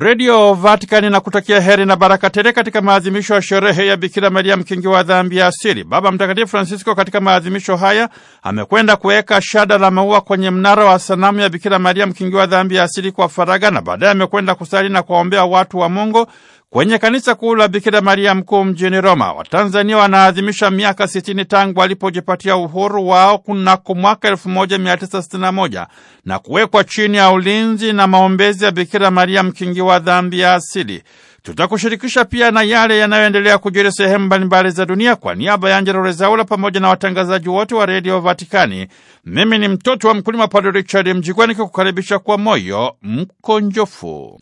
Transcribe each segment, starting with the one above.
Redio Vatikani na kutakia heri na baraka tele katika maadhimisho ya sherehe ya Bikira Maria mkingi wa dhambi ya asili. Baba Mtakatifu Francisco katika maadhimisho haya amekwenda kuweka shada la maua kwenye mnara wa sanamu ya Bikira Maria mkingi wa dhambi ya asili kwa faraga na baadaye amekwenda kusali na kuwaombea watu wa Mungu Kwenye kanisa kuu la Bikira Maria Mkuu mjini Roma, Watanzania wanaadhimisha miaka 60 tangu walipojipatia uhuru wao kunako mwaka 1961 na kuwekwa chini ya ulinzi na maombezi ya Bikira Maria mkingi wa dhambi ya asili. Tutakushirikisha pia na yale yanayoendelea kujiri sehemu mbalimbali za dunia. Kwa niaba ya Angela Rezaula pamoja na watangazaji wote wa redio Vatikani, mimi ni mtoto wa mkulima Padre Richard Mjigwani, nikikukaribisha kwa moyo mkonjofu.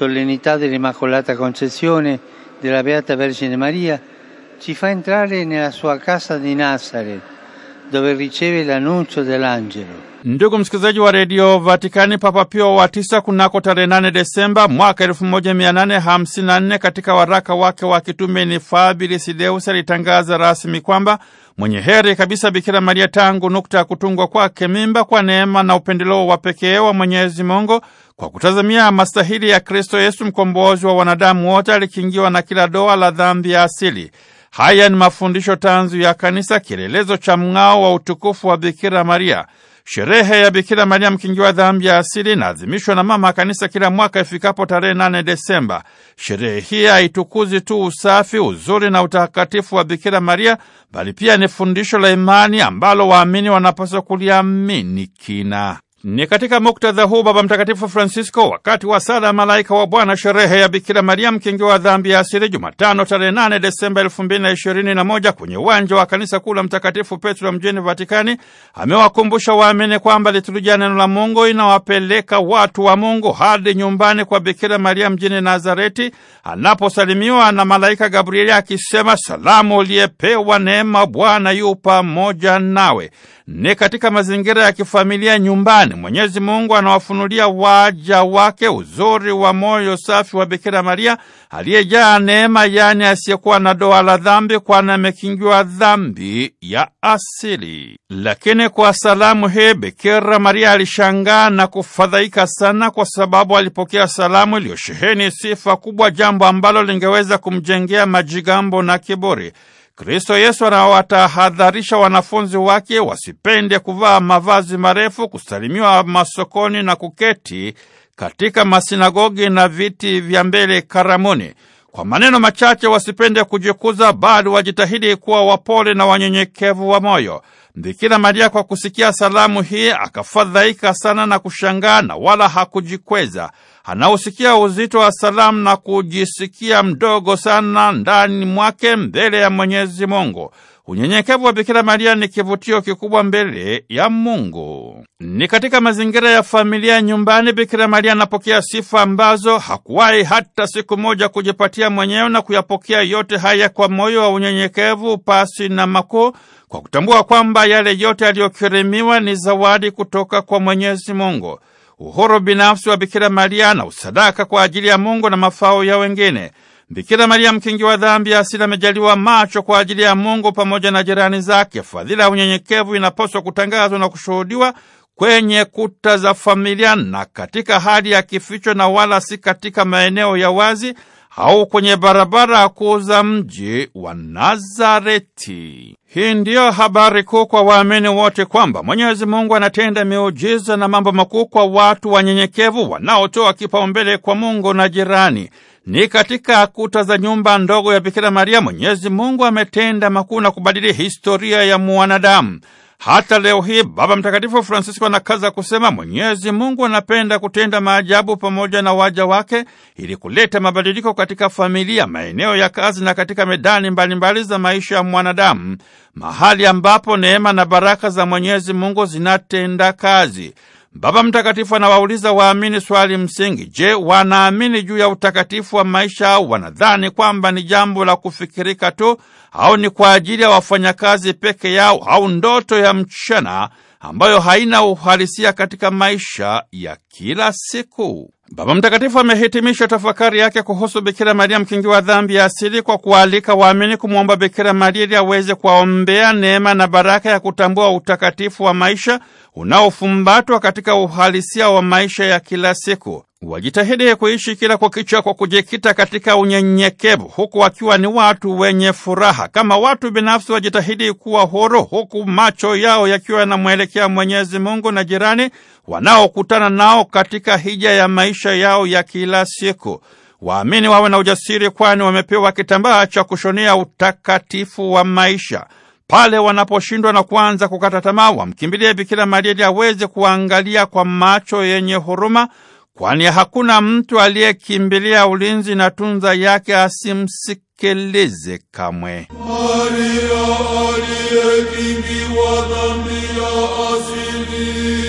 solennità dell'Immacolata Concezione della Beata Vergine Maria, ci fa entrare nella sua casa di Nazareth dove riceve l'annuncio dell'angelo. Ndugu msikilizaji wa redio Vatikani, Papa Pio wa tisa kunako tarehe 8 Desemba mwaka 1854 katika waraka wake wa kitume ni Fabilis Deus alitangaza rasmi kwamba mwenye heri kabisa Bikira Maria tangu nukta ya kutungwa kwake mimba, kwa neema na upendeleo wa pekee wa Mwenyezi Mungu kwa kutazamia mastahili ya Kristo Yesu mkombozi wa wanadamu wote, alikingiwa na kila doa la dhambi ya asili. Haya ni mafundisho tanzu ya Kanisa, kielelezo cha mng'ao wa utukufu wa Bikira Maria. Sherehe ya Bikira Maria mkingiwa dhambi ya asili inaadhimishwa na Mama Kanisa kila mwaka ifikapo tarehe 8 Desemba. Sherehe hii haitukuzi tu usafi, uzuri na utakatifu wa Bikira Maria, bali pia ni fundisho la imani ambalo waamini wanapaswa kuliamini kina ni katika muktadha huu Baba Mtakatifu Francisco, wakati wa sala ya malaika wa Bwana, sherehe ya Bikira Mariamu kingi wa dhambi ya asili, Jumatano tarehe 8 Desemba 2021 kwenye uwanja wa kanisa kuu la Mtakatifu Petro mjini Vatikani, amewakumbusha waamini kwamba liturujia neno la Mungu inawapeleka watu wa Mungu hadi nyumbani kwa Bikira Mariamu mjini Nazareti, anaposalimiwa na malaika Gabrieli akisema, salamu uliyepewa neema, Bwana yu pamoja nawe ni katika mazingira ya kifamilia nyumbani. Mwenyezi Mungu anawafunulia waja wake uzuri wa moyo safi wa Bikira Maria aliyejaa neema, yaani asiyekuwa na doa la dhambi, kwani amekingiwa dhambi ya asili. Lakini kwa salamu hii Bikira Maria alishangaa na kufadhaika sana, kwa sababu alipokea salamu iliyosheheni sifa kubwa, jambo ambalo lingeweza kumjengea majigambo na kiburi. Kristo Yesu anawatahadharisha wanafunzi wake wasipende kuvaa mavazi marefu, kusalimiwa masokoni na kuketi katika masinagogi na viti vya mbele karamuni. Kwa maneno machache wasipende kujikuza, bali wajitahidi kuwa wapole na wanyenyekevu wa moyo. Bikira Maria kwa kusikia salamu hii akafadhaika sana na kushangaa na wala hakujikweza anausikia uzito wa salamu na kujisikia mdogo sana ndani mwake mbele ya Mwenyezi Mungu. Unyenyekevu wa Bikira Maria ni kivutio kikubwa mbele ya Mungu. Ni katika mazingira ya familia nyumbani, Bikira Maria anapokea sifa ambazo hakuwahi hata siku moja kujipatia mwenyewe na kuyapokea yote haya kwa moyo wa unyenyekevu pasi na makuu, kwa kutambua kwamba yale yote aliyokirimiwa ni zawadi kutoka kwa Mwenyezi Mungu uhuru binafsi wa Bikira Maria na usadaka kwa ajili ya Mungu na mafao ya wengine. Bikira Maria mkingi wa dhambi asili amejaliwa macho kwa ajili ya Mungu pamoja na jirani zake. Fadhila ya unyenyekevu inapaswa kutangazwa na kushuhudiwa kwenye kuta za familia na katika hali ya kificho na wala si katika maeneo ya wazi au kwenye barabara kuu za mji wa Nazareti. Hii ndiyo habari kuu kwa waamini wote kwamba Mwenyezi Mungu anatenda miujiza na mambo makuu kwa watu wanyenyekevu wanaotoa kipaumbele kwa Mungu na jirani. Ni katika kuta za nyumba ndogo ya Bikira Maria Mwenyezi Mungu ametenda makuu na kubadili historia ya mwanadamu. Hata leo hii Baba Mtakatifu Francisco anakaza kusema Mwenyezi Mungu anapenda kutenda maajabu pamoja na waja wake ili kuleta mabadiliko katika familia, maeneo ya kazi na katika medani mbalimbali za maisha ya mwanadamu, mahali ambapo neema na baraka za Mwenyezi Mungu zinatenda kazi. Baba Mtakatifu anawauliza waamini swali msingi: Je, wanaamini juu ya utakatifu wa maisha au wanadhani kwamba ni jambo la kufikirika tu au ni kwa ajili ya wafanyakazi peke yao au ndoto ya mchana ambayo haina uhalisia katika maisha ya kila siku? Baba Mtakatifu amehitimisha tafakari yake kuhusu Bikira Maria mkingi wa dhambi ya asili kwa kualika waamini kumwomba Bikira Maria ili aweze kuwaombea neema na baraka ya kutambua utakatifu wa maisha unaofumbatwa katika uhalisia wa maisha ya kila siku wajitahidi kuishi kila kukicha kwa kujikita katika unyenyekevu, huku wakiwa ni watu wenye furaha. Kama watu binafsi, wajitahidi kuwa huru, huku macho yao yakiwa yanamwelekea Mwenyezi Mungu na jirani wanaokutana nao katika hija ya maisha yao ya kila siku. Waamini wawe na ujasiri, kwani wamepewa kitambaa cha kushonea utakatifu wa maisha. Pale wanaposhindwa na kuanza kukata tamaa, wamkimbilie Bikira Maria ili aweze kuangalia kwa macho yenye huruma kwani hakuna mtu aliyekimbilia ulinzi na tunza yake asimsikilize kamwe. Maria dhambi ya asili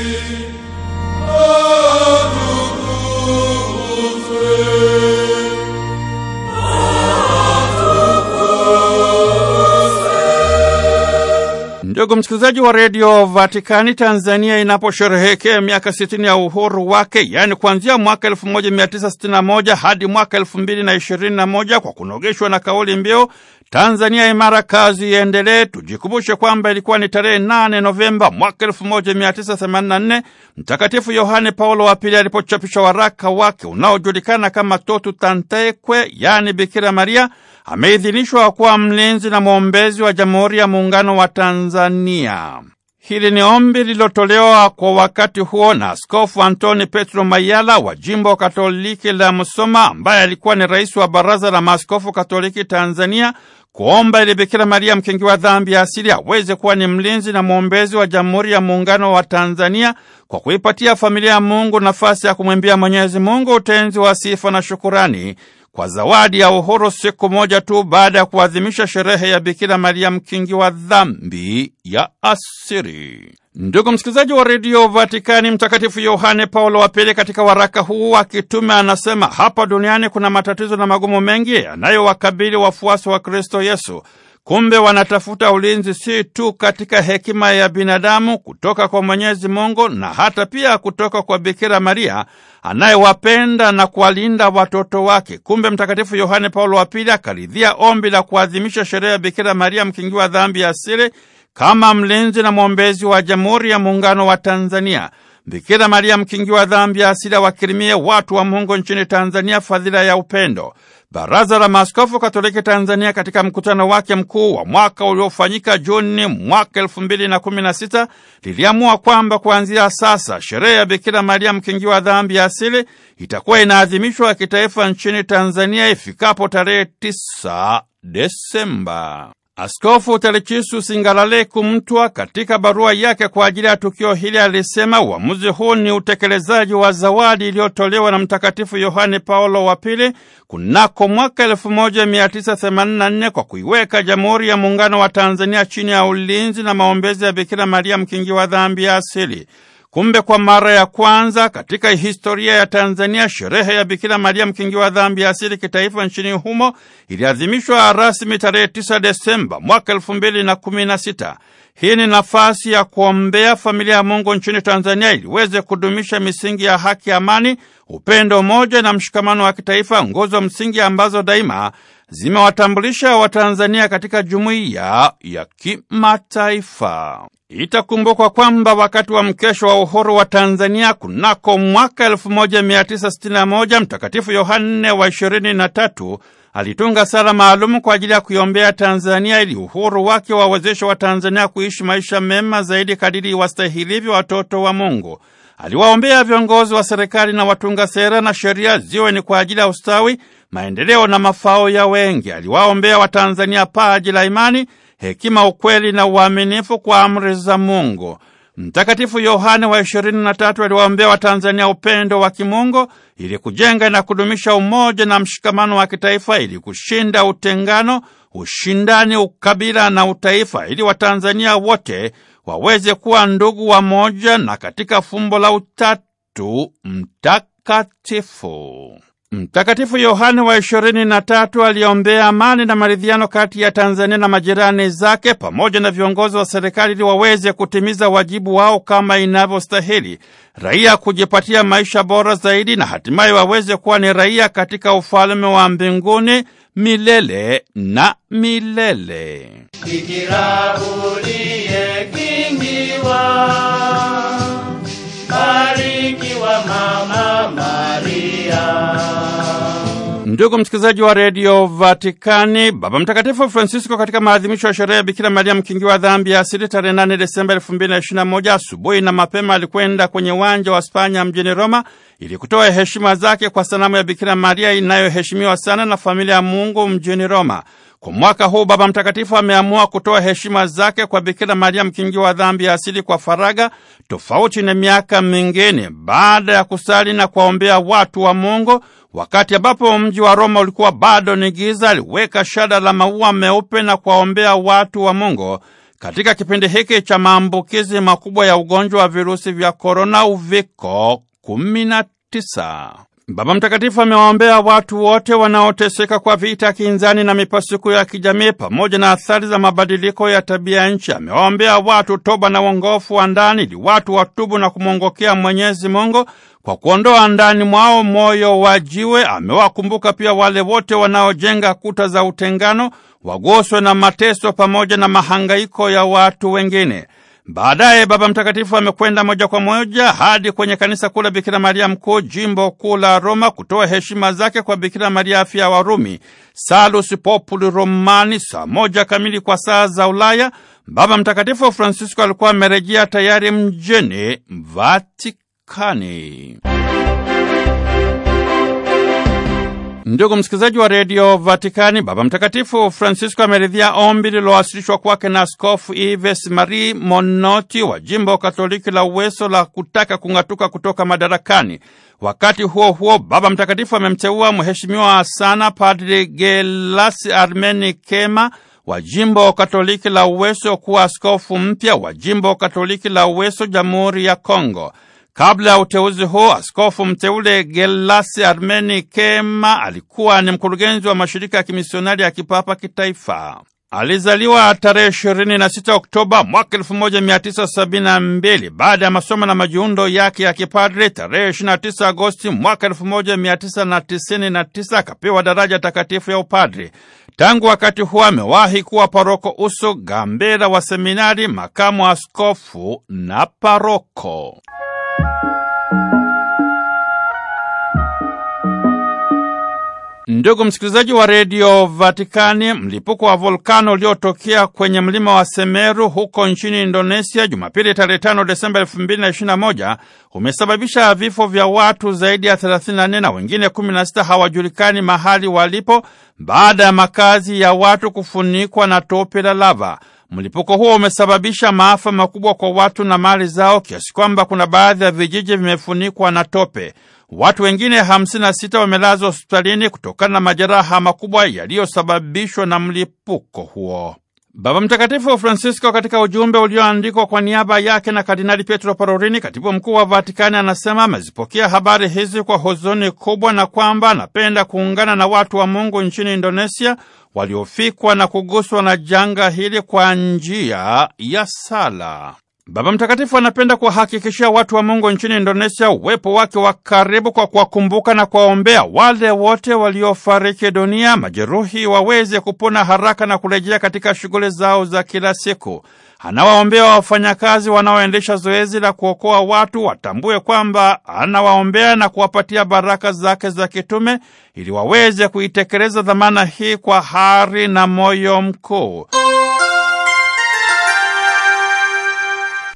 Ndugu msikilizaji wa redio Vatikani, Tanzania inaposherehekea miaka 60 ya uhuru wake, yaani kuanzia mwaka 1961 hadi mwaka 2021, kwa kunogeshwa na kauli mbiu Tanzania imara, kazi iendelee, tujikumbushe kwamba ilikuwa ni tarehe 8 Novemba mwaka 1984 Mtakatifu Yohane Paulo wa Pili alipochapisha waraka wake unaojulikana kama Totu Tantekwe, yaani Bikira Maria ameidhinishwa kuwa mlinzi na mwombezi wa Jamhuri ya Muungano wa Tanzania. Hili ni ombi lililotolewa kwa wakati huo na Askofu Antoni Petro Mayala wa jimbo Katoliki la Musoma, ambaye alikuwa ni rais wa Baraza la Maaskofu Katoliki Tanzania, kuomba ili Bikira Maria mkingi wa dhambi ya asili aweze kuwa ni mlinzi na mwombezi wa Jamhuri ya Muungano wa Tanzania kwa kuipatia familia ya Mungu nafasi ya kumwimbia Mwenyezi Mungu utenzi wa sifa na shukurani kwa zawadi ya uhuru siku moja tu baada ya kuadhimisha sherehe ya Bikira Maria mkingi wa dhambi ya asiri. Ndugu msikilizaji wa redio Vatikani, Mtakatifu Yohane Paulo wa Pili katika waraka huu wa kitume anasema hapa duniani kuna matatizo na magumu mengi yanayowakabili wafuasi wa Kristo Yesu. Kumbe wanatafuta ulinzi si tu katika hekima ya binadamu kutoka kwa Mwenyezi Mungu na hata pia kutoka kwa Bikira Maria anayewapenda na kuwalinda watoto wake. Kumbe Mtakatifu Yohane Paulo wa Pili akaridhia ombi la kuadhimisha sherehe ya Bikira Maria mkingiwa dhambi ya asili kama mlinzi na mwombezi wa Jamhuri ya Muungano wa Tanzania. Bikira Maria mkingi wa dhambi ya asili awakirimie watu wa Mungu nchini Tanzania fadhila ya upendo. Baraza la Maaskofu Katoliki Tanzania katika mkutano wake mkuu wa mwaka uliofanyika Juni mwaka elfu mbili na kumi na sita liliamua kwamba kuanzia sasa sherehe ya Bikira Maria wa dhambi ya asili itakuwa inaadhimishwa kitaifa nchini Tanzania ifikapo tarehe 9 Desemba. Askofu Telechisu singalale kumtwa katika barua yake kwa ajili ya tukio hili alisema uamuzi huu ni utekelezaji wa zawadi iliyotolewa na Mtakatifu Yohane Paulo wa Pili kunako mwaka 1984 kwa kuiweka Jamhuri ya Muungano wa Tanzania chini ya ulinzi na maombezi ya Bikira Maria mkingi wa dhambi ya asili. Kumbe kwa mara ya kwanza katika historia ya Tanzania, sherehe ya Bikira Maria mkingi wa dhambi ya asili kitaifa nchini humo iliadhimishwa rasmi tarehe 9 Desemba mwaka 2016. Hii ni nafasi ya kuombea familia ya Mungu nchini Tanzania iliweze kudumisha misingi ya haki, amani, upendo, umoja na mshikamano wa kitaifa, nguzo msingi ambazo daima zimewatambulisha Watanzania katika jumuiya ya kimataifa. Itakumbukwa kwamba wakati wa mkesho wa uhuru wa Tanzania kunako mwaka 1961 Mtakatifu Yohane wa 23 alitunga sala maalumu kwa ajili ya kuiombea Tanzania ili uhuru wake wawezeshe Watanzania kuishi maisha mema zaidi kadiri wastahilivyo watoto wa Mungu. Aliwaombea viongozi wa serikali na watunga sera na sheria ziwe ni kwa ajili ya ustawi, maendeleo na mafao ya wengi. Aliwaombea Watanzania paji la imani, hekima, ukweli na uaminifu kwa amri za Mungu. Mtakatifu Yohane wa 23 aliwaombea Watanzania upendo wa kimungu ili kujenga na kudumisha umoja na mshikamano wa kitaifa ili kushinda utengano, ushindani, ukabila na utaifa ili Watanzania wote waweze kuwa ndugu moja na katika fumbo la Utatu Mtakatifu. Mtakatifu Yohane wa ishirini na tatu aliombea amani na maridhiano kati ya Tanzania na majirani zake pamoja na viongozi wa serikali ili waweze kutimiza wajibu wao kama inavyostahili, raia kujipatia maisha bora zaidi na hatimaye waweze kuwa ni raia katika ufalme wa mbinguni milele na milele barikiwa mama Maria. Ndugu msikilizaji wa redio Vatikani, Baba Mtakatifu Francisco katika maadhimisho ya sherehe ya Bikira Maria mkingi wa dhambi ya asili tarehe 8 Desemba 2021 asubuhi na mapema alikwenda kwenye uwanja wa Spanya mjini Roma ili kutoa heshima zake kwa sanamu ya Bikira Maria inayoheshimiwa sana na familia ya Mungu mjini Roma. Kwa mwaka huu Baba Mtakatifu ameamua kutoa heshima zake kwa Bikira Maria, mkingi wa dhambi ya asili, kwa faraga tofauti na miaka mingine, baada ya kusali na kuwaombea watu wa Mungu. Wakati ambapo mji wa Roma ulikuwa bado ni giza, aliweka shada la maua meupe na kuwaombea watu wa Mungu. Katika kipindi hiki cha maambukizi makubwa ya ugonjwa wa virusi vya korona, uviko 19 Baba Mtakatifu amewaombea watu wote wanaoteseka kwa vita kinzani na mipasuko ya kijamii pamoja na athari za mabadiliko ya tabia nchi. Amewaombea watu toba na uongofu wa ndani ili watu watubu na kumwongokea Mwenyezi Mungu kwa kuondoa ndani mwao moyo wa jiwe. Amewakumbuka pia wale wote wanaojenga kuta za utengano, wagoswe na mateso pamoja na mahangaiko ya watu wengine. Baadaye Baba Mtakatifu amekwenda moja kwa moja hadi kwenye kanisa kuu la Bikira Maria Mkuu, jimbo kuu la Roma, kutoa heshima zake kwa Bikira Maria afya wa Warumi. Salus Populi Romani, saa moja kamili kwa saa za Ulaya, Baba Mtakatifu Francisco alikuwa amerejea tayari mjini Vatikani. Ndugu msikilizaji wa redio Vatikani, Baba Mtakatifu Francisco ameridhia ombi lililowasilishwa kwake na Askofu Ives Marie Monoti wa jimbo Katoliki la Uweso la kutaka kung'atuka kutoka madarakani. Wakati huo huo, Baba Mtakatifu amemteua Mheshimiwa sana Padri Gelasi Armeni Kema wa jimbo Katoliki la Uweso kuwa askofu mpya wa jimbo Katoliki la Uweso, Jamhuri ya Kongo. Kabla ya uteuzi huo, askofu mteule Gelasi Armeni Kema alikuwa ni mkurugenzi wa mashirika ya kimisionari ya kipapa kitaifa. Alizaliwa tarehe 26 Oktoba mwaka 1972 baada ya masomo na majiundo yake ya kipadri. Tarehe 29 Agosti mwaka 1999 akapewa daraja takatifu ya upadri. Tangu wakati huo amewahi kuwa paroko usu, gambera wa seminari, makamu askofu na paroko. Ndugu msikilizaji wa redio Vatikani, mlipuko wa volkano uliotokea kwenye mlima wa Semeru huko nchini Indonesia Jumapili tarehe 5 Desemba 2021 umesababisha vifo vya watu zaidi ya 34 na wengine 16 hawajulikani mahali walipo baada ya makazi ya watu kufunikwa na tope la lava. Mlipuko huo umesababisha maafa makubwa kwa watu na mali zao kiasi kwamba kuna baadhi ya vijiji vimefunikwa na tope. Watu wengine 56 wamelazwa hospitalini kutokana na majeraha makubwa yaliyosababishwa na mlipuko huo. Baba Mtakatifu Francisco katika ujumbe ulioandikwa kwa niaba yake na Kardinali Pietro Parolin, katibu mkuu wa Vatikani, anasema amezipokea habari hizi kwa huzuni kubwa na kwamba anapenda kuungana na watu wa Mungu nchini Indonesia waliofikwa na kuguswa na janga hili kwa njia ya sala. Baba Mtakatifu anapenda kuwahakikishia watu wa Mungu nchini Indonesia uwepo wake wa karibu kwa kuwakumbuka na kuwaombea wale wote waliofariki dunia, majeruhi waweze kupona haraka na kurejea katika shughuli zao za kila siku. Anawaombea wafanyakazi wanaoendesha zoezi la kuokoa watu watambue kwamba anawaombea na kuwapatia baraka zake za kitume ili waweze kuitekeleza dhamana hii kwa hari na moyo mkuu.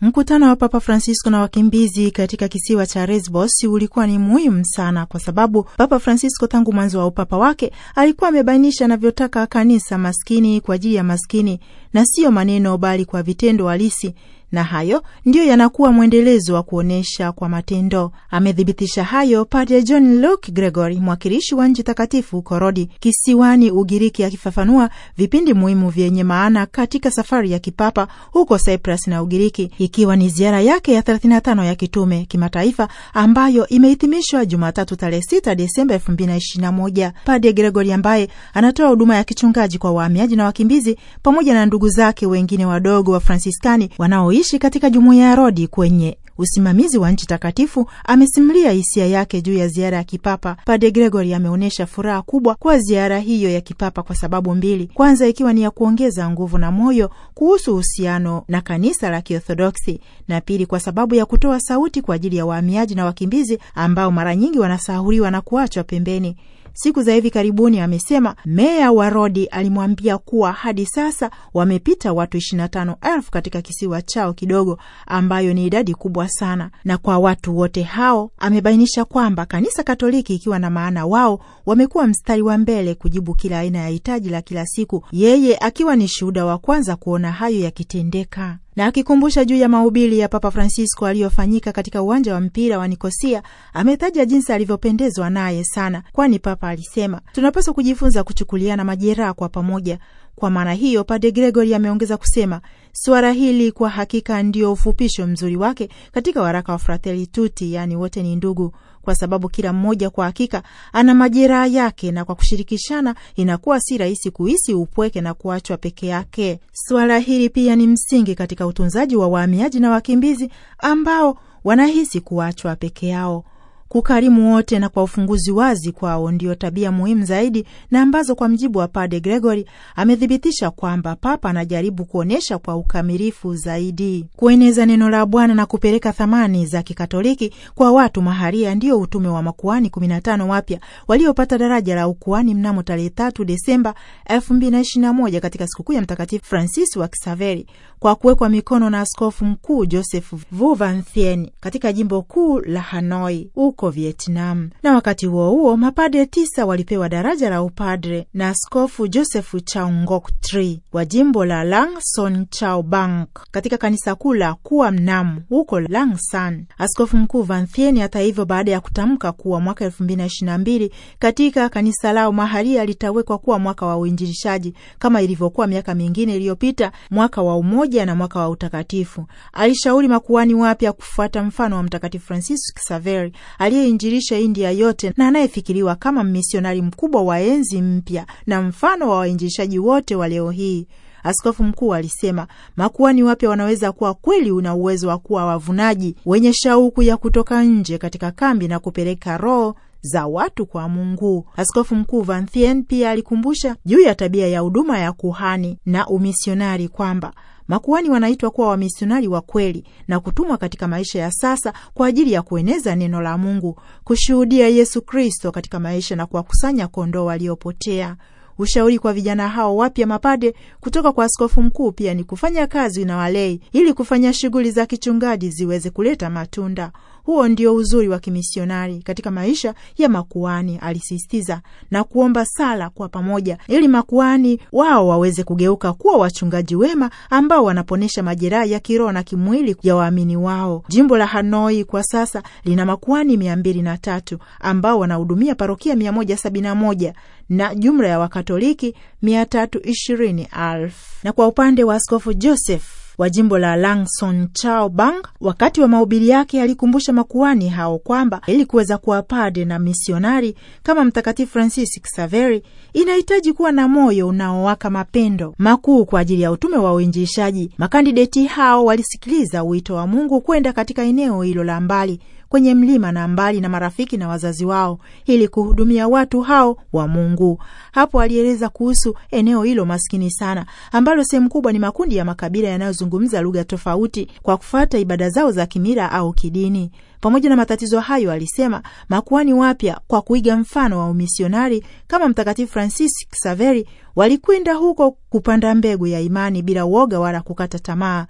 Mkutano wa Papa Francisco na wakimbizi katika kisiwa cha Lesbos ulikuwa ni muhimu sana, kwa sababu Papa Francisco tangu mwanzo wa upapa wake alikuwa amebainisha anavyotaka kanisa maskini kwa ajili ya maskini, na siyo maneno bali kwa vitendo halisi na hayo ndiyo yanakuwa mwendelezo wa kuonyesha kwa matendo. Amethibitisha hayo Padre John Luke Gregory, mwakilishi wa nchi takatifu Korodi kisiwani Ugiriki, akifafanua vipindi muhimu vyenye maana katika safari ya kipapa huko Cyprus na Ugiriki, ikiwa ni ziara yake ya 35 ya kitume kimataifa ambayo imehitimishwa Jumatatu tarehe 6 Desemba 2021. Padre Gregory ambaye anatoa huduma ya kichungaji kwa wahamiaji na wakimbizi pamoja na ndugu zake wengine wadogo wa Franciskani wanaoishi mwakilishi katika jumuiya ya Rodi kwenye usimamizi wa nchi takatifu amesimulia hisia yake juu ya ziara ya kipapa. Pade Gregory ameonyesha furaha kubwa kwa ziara hiyo ya kipapa kwa sababu mbili, kwanza ikiwa ni ya kuongeza nguvu na moyo kuhusu uhusiano na kanisa la Kiorthodoksi, na pili kwa sababu ya kutoa sauti kwa ajili ya wahamiaji na wakimbizi ambao mara nyingi wanasahuliwa na kuachwa pembeni siku za hivi karibuni amesema meya wa Rodi alimwambia kuwa hadi sasa wamepita watu 25,000 katika kisiwa chao kidogo, ambayo ni idadi kubwa sana, na kwa watu wote hao amebainisha kwamba kanisa Katoliki, ikiwa na maana wao, wamekuwa mstari wa mbele kujibu kila aina ya hitaji la kila siku, yeye akiwa ni shuhuda wa kwanza kuona hayo yakitendeka na akikumbusha juu ya mahubiri ya Papa Francisco aliyofanyika katika uwanja wa mpira wa Nikosia, ametaja jinsi alivyopendezwa naye sana, kwani Papa alisema tunapaswa kujifunza kuchukuliana majeraha kwa pamoja. Kwa maana hiyo, Padre Gregory ameongeza kusema suala hili kwa hakika ndio ufupisho mzuri wake katika waraka wa Fratelli Tutti, yaani wote ni ndugu kwa sababu kila mmoja kwa hakika ana majeraha yake, na kwa kushirikishana inakuwa si rahisi kuhisi upweke na kuachwa peke yake. Suala hili pia ni msingi katika utunzaji wa wahamiaji na wakimbizi ambao wanahisi kuachwa peke yao kukarimu wote na kwa ufunguzi wazi kwao ndio tabia muhimu zaidi na ambazo kwa mjibu wa Pade Gregory amethibitisha kwamba Papa anajaribu kuonyesha kwa ukamilifu zaidi. Kueneza neno la Bwana na kupeleka thamani za Kikatoliki kwa watu maharia ndio utume wa makuani 15 wapya waliopata daraja la ukuani mnamo tarehe 3 Desemba 2021 katika sikukuu ya Mtakatifu Francis wa Kisaveri kwa kuwekwa mikono na askofu mkuu Joseph Vu katika jimbo kuu la Hanoi huko Vietnam. Na wakati huo huo mapadre tisa walipewa daraja la upadre na askofu Joseph Chau Ngok Tri wa jimbo la Lang Son Chau Bang katika kanisa kuu la Kuwa Mnam huko Lang San. Askofu mkuu Van hata hivyo, baada ya kutamka kuwa mwaka elfu mbili na mbili katika kanisa lao mahalia litawekwa kuwa mwaka wa uinjilishaji kama ilivyokuwa miaka mingine iliyopita, mwaka wa umoja pamoja na mwaka wa utakatifu. Alishauri makuani wapya kufuata mfano wa Mtakatifu Francis Xaveri aliyeinjilisha India yote na anayefikiriwa kama mmisionari mkubwa wa enzi mpya na mfano wa wainjilishaji wote wa leo hii. Askofu mkuu alisema makuani wapya wanaweza kuwa kweli una uwezo wa kuwa wavunaji wenye shauku ya kutoka nje katika kambi na kupeleka roho za watu kwa Mungu. Askofu mkuu Van Thien pia alikumbusha juu ya tabia ya huduma ya kuhani na umisionari kwamba Makuani wanaitwa kuwa wamisionari wa kweli na kutumwa katika maisha ya sasa kwa ajili ya kueneza neno la Mungu, kushuhudia Yesu Kristo katika maisha na kuwakusanya kondoo waliopotea. Ushauri kwa vijana hao wapya mapade kutoka kwa askofu mkuu pia ni kufanya kazi na walei ili kufanya shughuli za kichungaji ziweze kuleta matunda. Huo ndio uzuri wa kimisionari katika maisha ya makuani, alisisitiza na kuomba sala kwa pamoja, ili makuani wao waweze kugeuka kuwa wachungaji wema ambao wanaponesha majeraha ya kiroho na kimwili ya waamini wao. Jimbo la Hanoi kwa sasa lina makuani mia mbili na tatu ambao wanahudumia parokia mia moja sabini na moja na jumla ya Wakatoliki mia tatu ishirini elfu na kwa upande wa Askofu Joseph wa jimbo la Langson Chao Bang wakati wa mahubiri yake alikumbusha makuani hao kwamba ili kuweza kuwa pade na misionari kama Mtakatifu Francis Xaveri inahitaji kuwa na moyo unaowaka mapendo makuu kwa ajili ya utume wa uinjilishaji. Makandideti hao walisikiliza wito wa Mungu kwenda katika eneo hilo la mbali kwenye mlima na mbali na marafiki na wazazi wao ili kuhudumia watu hao wa Mungu. Hapo alieleza kuhusu eneo hilo maskini sana ambalo sehemu kubwa ni makundi ya makabila yanayozungumza lugha tofauti kwa kufuata ibada zao za kimila au kidini. Pamoja na matatizo hayo, alisema makuani wapya kwa kuiga mfano wa umisionari kama Mtakatifu Francis Xaveri walikwenda huko kupanda mbegu ya imani bila uoga wala kukata tamaa.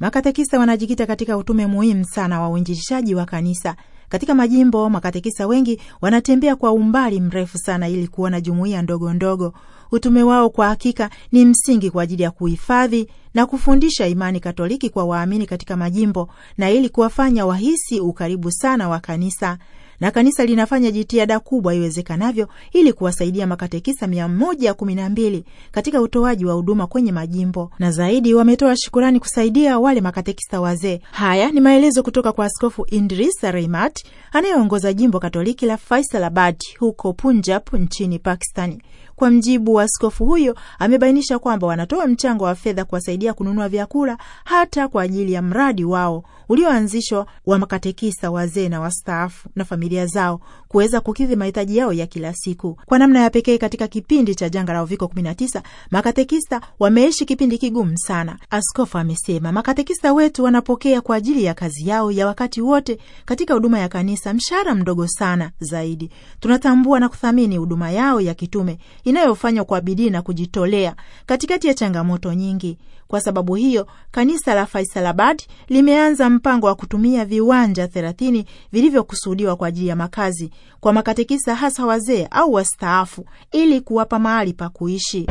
Makatekista wanajikita katika utume muhimu sana wa uinjilishaji wa kanisa. Katika majimbo, makatekista wengi wanatembea kwa umbali mrefu sana ili kuona jumuiya ndogo ndogo. Utume wao kwa hakika ni msingi kwa ajili ya kuhifadhi na kufundisha imani Katoliki kwa waamini katika majimbo na ili kuwafanya wahisi ukaribu sana wa kanisa na kanisa linafanya jitihada kubwa iwezekanavyo ili kuwasaidia makatekisa mia moja kumi na mbili katika utoaji wa huduma kwenye majimbo, na zaidi wametoa shukurani kusaidia wale makatekisa wazee. Haya ni maelezo kutoka kwa Askofu indris Reimat anayeongoza jimbo Katoliki la Faisalabad huko Punjab nchini Pakistani. Kwa mjibu wa askofu huyo, amebainisha kwamba wanatoa mchango wa fedha kuwasaidia kununua vyakula hata kwa ajili ya mradi wao ulioanzishwa wa makatekisa wazee na wastaafu na familia zao kuweza kukidhi mahitaji yao ya kila siku. Kwa namna ya pekee, katika kipindi cha janga la uviko 19 makatekista wameishi kipindi kigumu sana. Askofu amesema makatekista wetu wanapokea kwa ajili ya kazi yao ya wakati wote katika huduma ya kanisa mshahara mdogo sana zaidi. Tunatambua na kuthamini huduma yao ya kitume inayofanywa kwa bidii na kujitolea katikati ya changamoto nyingi. Kwa sababu hiyo, kanisa la Faisalabad limeanza mpango wa kutumia viwanja thelathini vilivyokusudiwa kwa ajili ya makazi kwa makatekisa, hasa wazee au wastaafu, ili kuwapa mahali pa kuishi.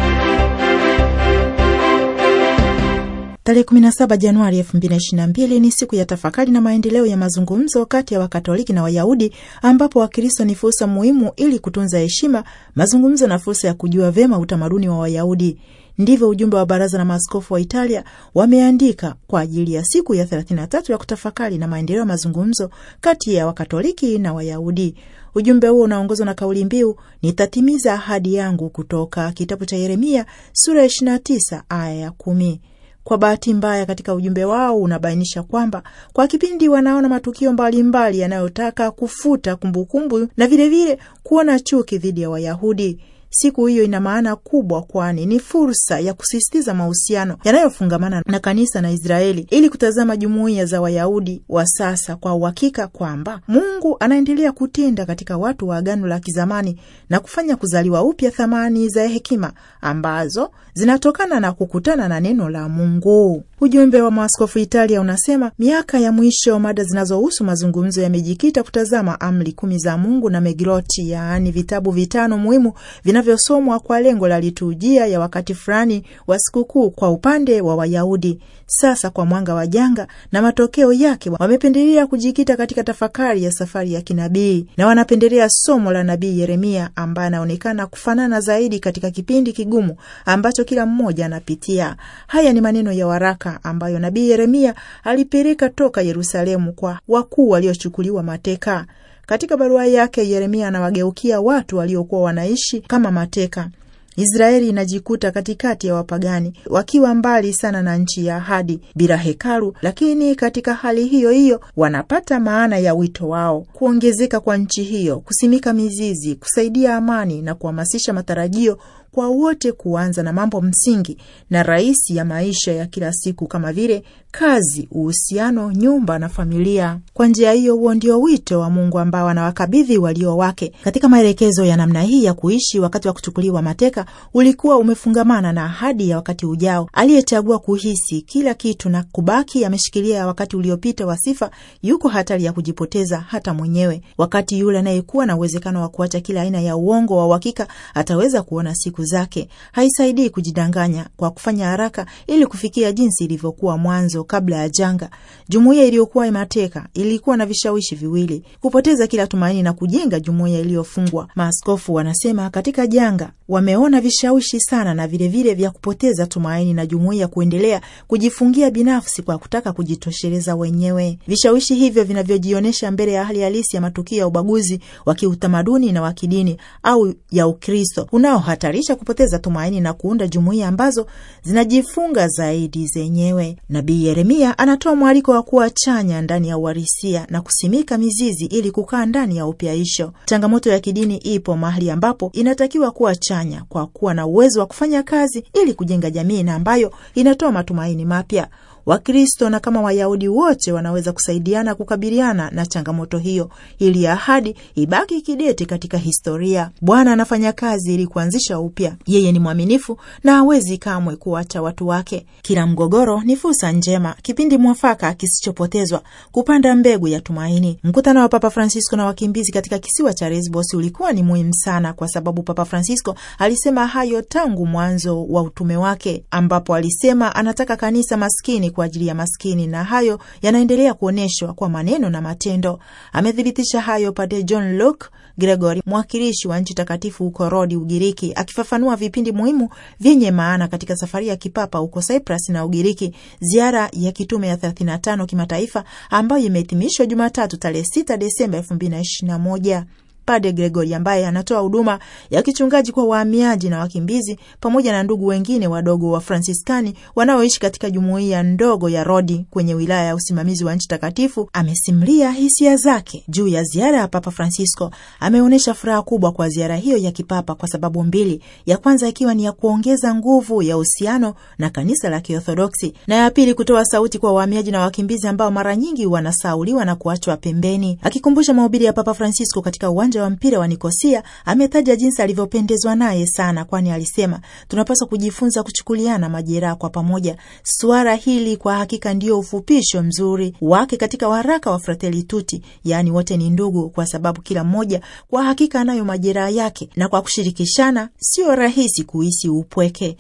Tarehe 17 Januari 2022 ni siku ya tafakari na maendeleo ya mazungumzo kati ya Wakatoliki na Wayahudi, ambapo Wakristo ni fursa muhimu ili kutunza heshima, mazungumzo na fursa ya kujua vema utamaduni wa Wayahudi. Ndivyo ujumbe wa Baraza la Maaskofu wa Italia wameandika kwa ajili ya siku ya 33 ya kutafakari na maendeleo ya mazungumzo kati ya Wakatoliki na Wayahudi. Ujumbe huo unaongozwa na kauli mbiu nitatimiza ahadi yangu, kutoka kitabu cha Yeremia sura ya 29 aya ya 10. Kwa bahati mbaya, katika ujumbe wao unabainisha kwamba kwa kipindi wanaona matukio mbalimbali yanayotaka kufuta kumbukumbu kumbu, na vilevile kuona chuki dhidi ya Wayahudi Siku hiyo ina maana kubwa, kwani ni fursa ya kusisitiza mahusiano yanayofungamana na kanisa na Israeli ili kutazama jumuiya za Wayahudi wa sasa kwa uhakika kwamba Mungu anaendelea kutenda katika watu wa agano la kizamani na kufanya kuzaliwa upya thamani za hekima ambazo zinatokana na kukutana na neno la Mungu. Ujumbe wa maaskofu Italia unasema miaka ya mwisho, mada zinazohusu mazungumzo yamejikita kutazama amri kumi za Mungu na Megiloti, yaani vitabu vitano muhimu vina vinavyosomwa kwa lengo la liturujia ya wakati fulani wa sikukuu kwa upande wa Wayahudi. Sasa kwa mwanga wa janga na matokeo yake, wamependelea kujikita katika tafakari ya safari ya kinabii na wanapendelea somo la nabii Yeremia ambaye anaonekana kufanana zaidi katika kipindi kigumu ambacho kila mmoja anapitia. Haya ni maneno ya waraka ambayo nabii Yeremia alipeleka toka Yerusalemu kwa wakuu waliochukuliwa mateka. Katika barua yake, Yeremia anawageukia watu waliokuwa wanaishi kama mateka. Israeli inajikuta katikati ya wapagani wakiwa mbali sana na nchi ya ahadi, bila hekalu, lakini katika hali hiyo hiyo wanapata maana ya wito wao: kuongezeka kwa nchi hiyo, kusimika mizizi, kusaidia amani na kuhamasisha matarajio kwa wote kuanza na mambo msingi na rahisi ya maisha ya kila siku kama vile kazi, uhusiano, nyumba na familia. Kwa njia hiyo, huo ndio wito wa Mungu ambao anawakabidhi walio wake. Katika maelekezo ya namna hii ya kuishi, wakati wa kuchukuliwa mateka ulikuwa umefungamana na ahadi ya wakati ujao. Aliyechagua kuhisi kila kitu na kubaki ameshikilia wakati uliopita wa sifa, yuko hatari ya kujipoteza hata mwenyewe, wakati yule anayekuwa na uwezekano wa kuacha kila aina ya uongo wa uhakika ataweza kuona siku siku zake. Haisaidii kujidanganya kwa kufanya haraka ili kufikia jinsi ilivyokuwa mwanzo kabla ya janga. Jumuiya iliyokuwa imateka ilikuwa na vishawishi viwili: kupoteza kila tumaini na kujenga jumuiya iliyofungwa. Maaskofu wanasema katika janga wameona vishawishi sana na vilevile vya kupoteza tumaini na jumuiya kuendelea kujifungia binafsi kwa kutaka kujitosheleza wenyewe. Vishawishi hivyo vinavyojionyesha mbele ya hali halisi ya matukio ya ubaguzi wa kiutamaduni na wa kidini au ya Ukristo unaohatarisha husababisha kupoteza tumaini na kuunda jumuiya ambazo zinajifunga zaidi zenyewe. Nabii Yeremia anatoa mwaliko wa kuwa chanya ndani ya uharisia na kusimika mizizi ili kukaa ndani ya upyaisho. Changamoto ya kidini ipo mahali ambapo inatakiwa kuwa chanya kwa kuwa na uwezo wa kufanya kazi ili kujenga jamii na ambayo inatoa matumaini mapya. Wakristo na kama Wayahudi wote wanaweza kusaidiana kukabiliana na changamoto hiyo ili ahadi ibaki kidete katika historia. Bwana anafanya kazi ili kuanzisha upya. Yeye ni mwaminifu na hawezi kamwe kuacha watu wake. Kila mgogoro ni fursa njema, kipindi mwafaka kisichopotezwa kupanda mbegu ya tumaini. Mkutano wa Papa Francisco na wakimbizi katika kisiwa cha Lesbos ulikuwa ni muhimu sana, kwa sababu Papa Francisco alisema hayo tangu mwanzo wa utume wake, ambapo alisema anataka kanisa maskini ni kwa ajili ya maskini, na hayo yanaendelea kuonyeshwa kwa maneno na matendo. Amethibitisha hayo Padre John Luke Gregory, mwakilishi wa nchi takatifu huko Rodi, Ugiriki, akifafanua vipindi muhimu vyenye maana katika safari ya kipapa huko Cyprus na Ugiriki, ziara ya kitume ya 35 kimataifa ambayo imehitimishwa Jumatatu tarehe 6 Desemba 2021. Padre Gregory ambaye anatoa huduma ya kichungaji kwa wahamiaji na wakimbizi pamoja na ndugu wengine wadogo wa Fransiskani wanaoishi katika jumuiya ndogo ya Rodi kwenye wilaya ya usimamizi wa nchi takatifu, amesimulia hisia zake juu ya ziara ya Papa Francisco. Ameonyesha furaha kubwa kwa ziara hiyo ya kipapa kwa sababu mbili, ya kwanza ikiwa ni ya kuongeza nguvu ya uhusiano na kanisa la Kiorthodoksi na ya pili kutoa sauti kwa wahamiaji na wakimbizi ambao mara nyingi wanasauliwa na kuachwa pembeni, akikumbusha mahubiri ya Papa Francisco katika uwanja uwanja wa mpira wa Nikosia ametaja jinsi alivyopendezwa naye sana, kwani alisema tunapaswa kujifunza kuchukuliana majeraha kwa pamoja. Suala hili kwa hakika ndio ufupisho mzuri wake katika waraka wa Fratelli Tutti, yaani wote ni ndugu, kwa sababu kila mmoja kwa hakika anayo majeraha yake, na kwa kushirikishana sio rahisi kuhisi upweke.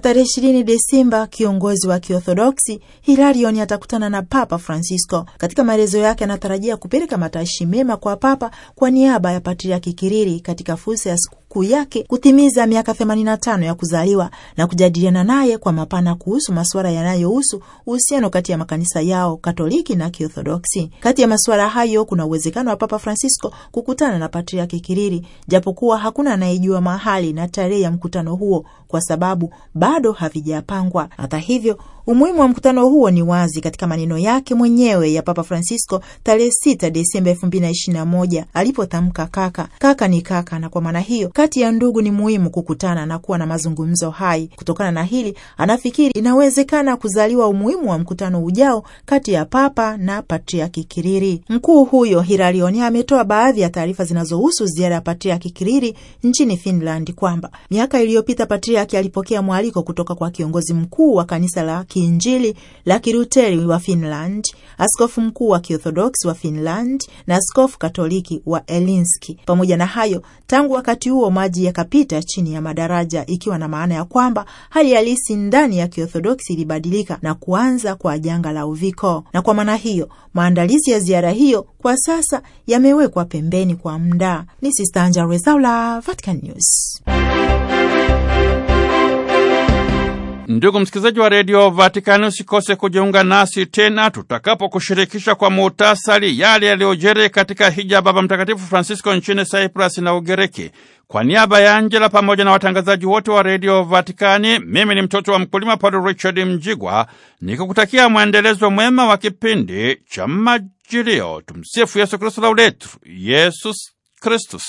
tarehe ishirini Desemba kiongozi wa Kiorthodoksi Hilarion atakutana na Papa Francisco. Katika maelezo yake, anatarajia kupeleka matashi mema kwa Papa kwa niaba ya Patriaki Kirili katika fursa ya siku sikukuu yake kutimiza miaka 85 ya kuzaliwa na kujadiliana naye kwa mapana kuhusu masuala yanayohusu uhusiano kati ya makanisa yao Katoliki na Kiorthodoksi. Kati ya masuala hayo kuna uwezekano wa Papa Francisco kukutana na Patriaki Kirili, japokuwa hakuna anayejua mahali na tarehe ya mkutano huo kwa sababu bado havijapangwa. Hata hivyo Umuhimu wa mkutano huo ni wazi katika maneno yake mwenyewe ya Papa Francisco tarehe 6 Desemba 2021 alipotamka, kaka kaka ni kaka, na kwa maana hiyo kati ya ndugu ni muhimu kukutana na kuwa na mazungumzo hai. Kutokana na hili, anafikiri inawezekana kuzaliwa umuhimu wa mkutano ujao kati ya Papa na Patriaki Kiriri. Mkuu huyo Hirarioni ametoa baadhi ya taarifa zinazohusu ziara ya Patriaki Kiriri nchini Finland kwamba miaka iliyopita Patriaki alipokea mwaliko kutoka kwa kiongozi mkuu wa kanisa la kiinjili la Kiruteri wa Finland, askofu mkuu wa Kiorthodoksi wa Finland na askofu Katoliki wa Elinski. Pamoja na hayo, tangu wakati huo maji yakapita chini ya madaraja, ikiwa na maana ya kwamba hali halisi ndani ya Kiorthodoksi ilibadilika na kuanza kwa janga la Uviko, na kwa maana hiyo maandalizi ya ziara hiyo kwa sasa yamewekwa pembeni kwa muda. Ni Sista Angella Rwezaula, Vatican News. Ndugu msikilizaji wa redio Vatikani, usikose kujiunga nasi tena tutakapokushirikisha kwa muhtasari yale yaliyojiri katika hija Baba Mtakatifu Francisco nchini Cyprus na Ugiriki. Kwa niaba ya Angela pamoja na watangazaji wote wa redio Vatikani, mimi ni mtoto wa mkulima Padre Richard Mjigwa nikikutakia mwendelezo mwema wa kipindi cha Majilio. Tumsifu Yesu Kristu, lauletu Yesus Kristus.